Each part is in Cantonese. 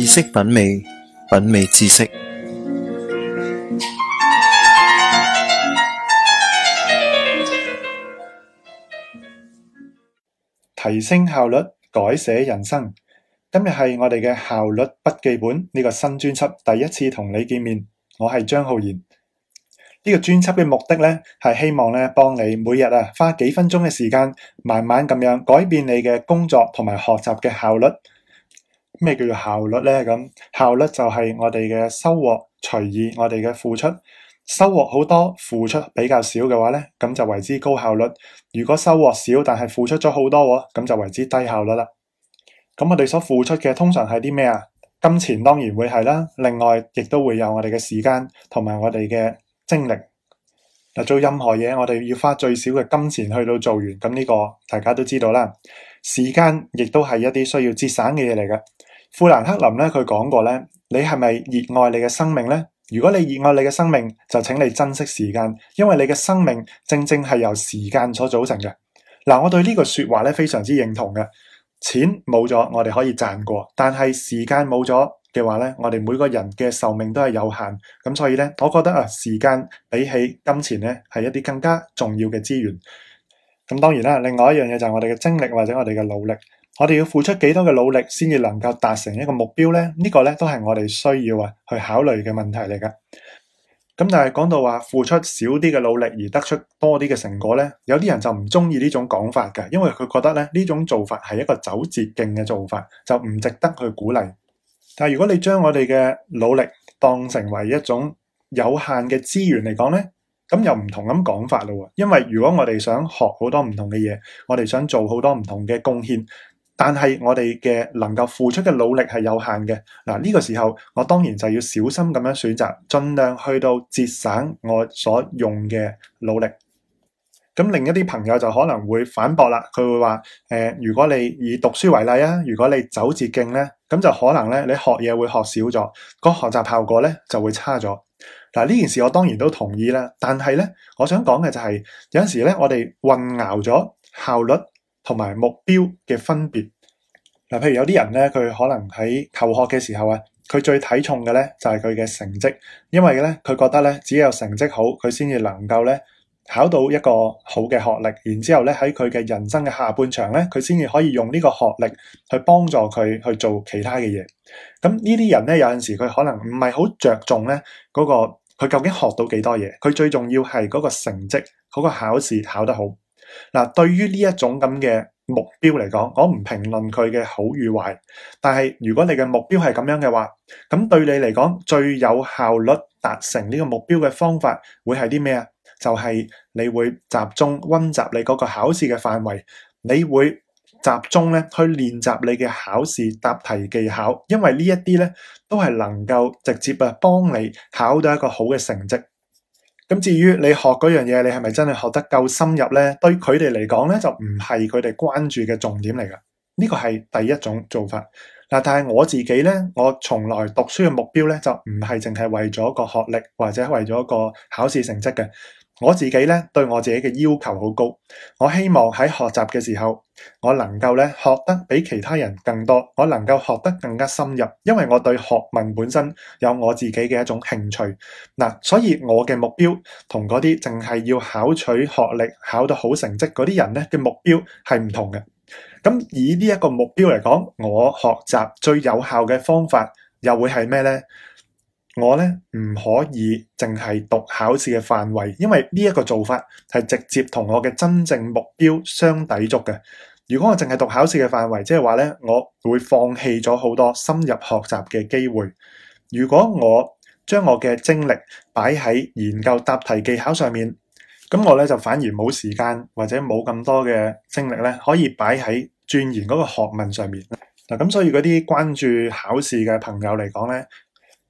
知識品味，品味知識，提升效率，改寫人生。今日係我哋嘅效率筆記本呢個新專輯第一次同你見面，我係張浩然。呢個專輯嘅目的呢，係希望呢幫你每日啊花幾分鐘嘅時間，慢慢咁樣改變你嘅工作同埋學習嘅效率。咩叫做效率呢？咁效率就係我哋嘅收穫隨意我哋嘅付出，收穫好多付出比較少嘅話呢，咁就為之高效率。如果收穫少但係付出咗好多喎，咁就為之低效率啦。咁我哋所付出嘅通常係啲咩啊？金錢當然會係啦，另外亦都會有我哋嘅時間同埋我哋嘅精力。嗱，做任何嘢我哋要花最少嘅金錢去到做完，咁呢個大家都知道啦。時間亦都係一啲需要節省嘅嘢嚟嘅。富蘭克林咧，佢講過咧，你係咪熱愛你嘅生命呢？如果你熱愛你嘅生命，就請你珍惜時間，因為你嘅生命正正係由時間所組成嘅。嗱，我對呢個說話咧非常之認同嘅。錢冇咗，我哋可以賺過，但係時間冇咗嘅話咧，我哋每個人嘅壽命都係有限，咁所以咧，我覺得啊，時間比起金錢咧，係一啲更加重要嘅資源。咁當然啦，另外一樣嘢就係我哋嘅精力或者我哋嘅努力。我哋要付出幾多嘅努力先至能夠達成一個目標呢？呢個呢都係我哋需要啊去考慮嘅問題嚟噶。咁但係講到話付出少啲嘅努力而得出多啲嘅成果呢，有啲人就唔中意呢種講法噶，因為佢覺得咧呢種做法係一個走捷徑嘅做法，就唔值得去鼓勵。但係如果你將我哋嘅努力當成為一種有限嘅資源嚟講呢，咁又唔同咁講法啦。因為如果我哋想學好多唔同嘅嘢，我哋想做好多唔同嘅貢獻。但係我哋嘅能夠付出嘅努力係有限嘅，嗱，呢個時候我當然就要小心咁樣選擇，盡量去到節省我所用嘅努力。咁另一啲朋友就可能會反駁啦，佢會話：誒，如果你以讀書為例啊，如果你走捷徑咧，咁就可能咧你學嘢會學少咗，個學習效果咧就會差咗。嗱，呢件事我當然都同意啦，但係咧，我想講嘅就係有陣時咧，我哋混淆咗效率。同埋目標嘅分別。嗱，譬如有啲人咧，佢可能喺求學嘅時候啊，佢最睇重嘅咧就係佢嘅成績，因為咧佢覺得咧只有成績好，佢先至能夠咧考到一個好嘅學歷，然之後咧喺佢嘅人生嘅下半場咧，佢先至可以用呢個學歷去幫助佢去做其他嘅嘢。咁呢啲人咧有陣時佢可能唔係好着重咧嗰個佢究竟學到幾多嘢，佢最重要係嗰個成績，嗰個考試考得好。嗱，對於呢一種咁嘅目標嚟講，我唔評論佢嘅好與壞。但係如果你嘅目標係咁樣嘅話，咁對你嚟講，最有效率達成呢個目標嘅方法會係啲咩啊？就係你會集中溫習你嗰個考試嘅範圍，你會集中咧去練習你嘅考試答題技巧。因為呢一啲咧都係能夠直接啊幫你考到一個好嘅成績。咁至於你學嗰樣嘢，你係咪真係學得夠深入咧？對佢哋嚟講咧，就唔係佢哋關注嘅重點嚟噶。呢個係第一種做法嗱，但係我自己咧，我從來讀書嘅目標咧，就唔係淨係為咗個學歷或者為咗個考試成績嘅。我自己咧，對我自己嘅要求好高，我希望喺學習嘅時候，我能夠咧學得比其他人更多，我能夠學得更加深入，因為我對學問本身有我自己嘅一種興趣嗱，所以我嘅目標同嗰啲淨係要考取學歷、考到好成績嗰啲人咧嘅目標係唔同嘅。咁以呢一個目標嚟講，我學習最有效嘅方法又會係咩呢？我咧唔可以淨係讀考試嘅範圍，因為呢一個做法係直接同我嘅真正目標相抵觸嘅。如果我淨係讀考試嘅範圍，即係話咧，我會放棄咗好多深入學習嘅機會。如果我將我嘅精力擺喺研究答題技巧上面，咁我咧就反而冇時間，或者冇咁多嘅精力咧，可以擺喺鑽研嗰個學問上面。嗱，咁所以嗰啲關注考試嘅朋友嚟講咧。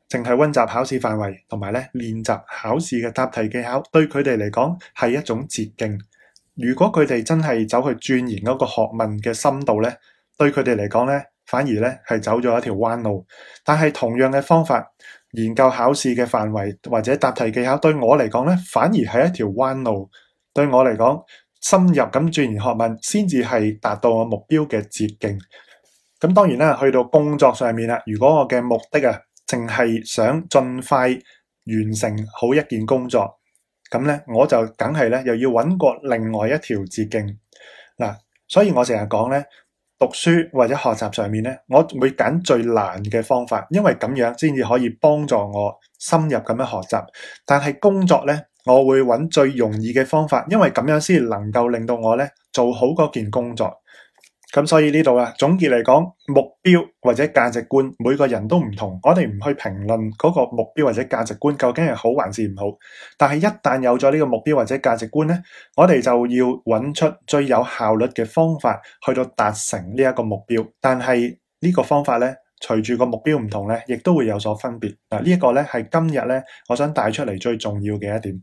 淨係溫習考試範圍，同埋咧練習考試嘅答題技巧，對佢哋嚟講係一種捷徑。如果佢哋真係走去鑽研嗰個學問嘅深度咧，對佢哋嚟講咧，反而咧係走咗一條彎路。但係同樣嘅方法研究考試嘅範圍或者答題技巧，對我嚟講咧，反而係一條彎路。對我嚟講，深入咁鑽研學問，先至係達到我目標嘅捷徑。咁當然啦，去到工作上面啦，如果我嘅目的啊。淨係想盡快完成好一件工作，咁咧我就梗係咧又要揾過另外一條捷徑嗱，所以我成日講咧，讀書或者學習上面咧，我會揀最難嘅方法，因為咁樣先至可以幫助我深入咁樣學習。但係工作咧，我會揾最容易嘅方法，因為咁樣先能夠令到我咧做好嗰件工作。咁所以呢度啊，總結嚟講，目標或者價值觀，每個人都唔同。我哋唔去評論嗰個目標或者價值觀究竟係好還是唔好，但係一旦有咗呢個目標或者價值觀咧，我哋就要揾出最有效率嘅方法去到達成呢一個目標。但係呢個方法咧，隨住個目標唔同咧，亦都會有所分別。嗱，呢一個咧係今日咧，我想帶出嚟最重要嘅一點。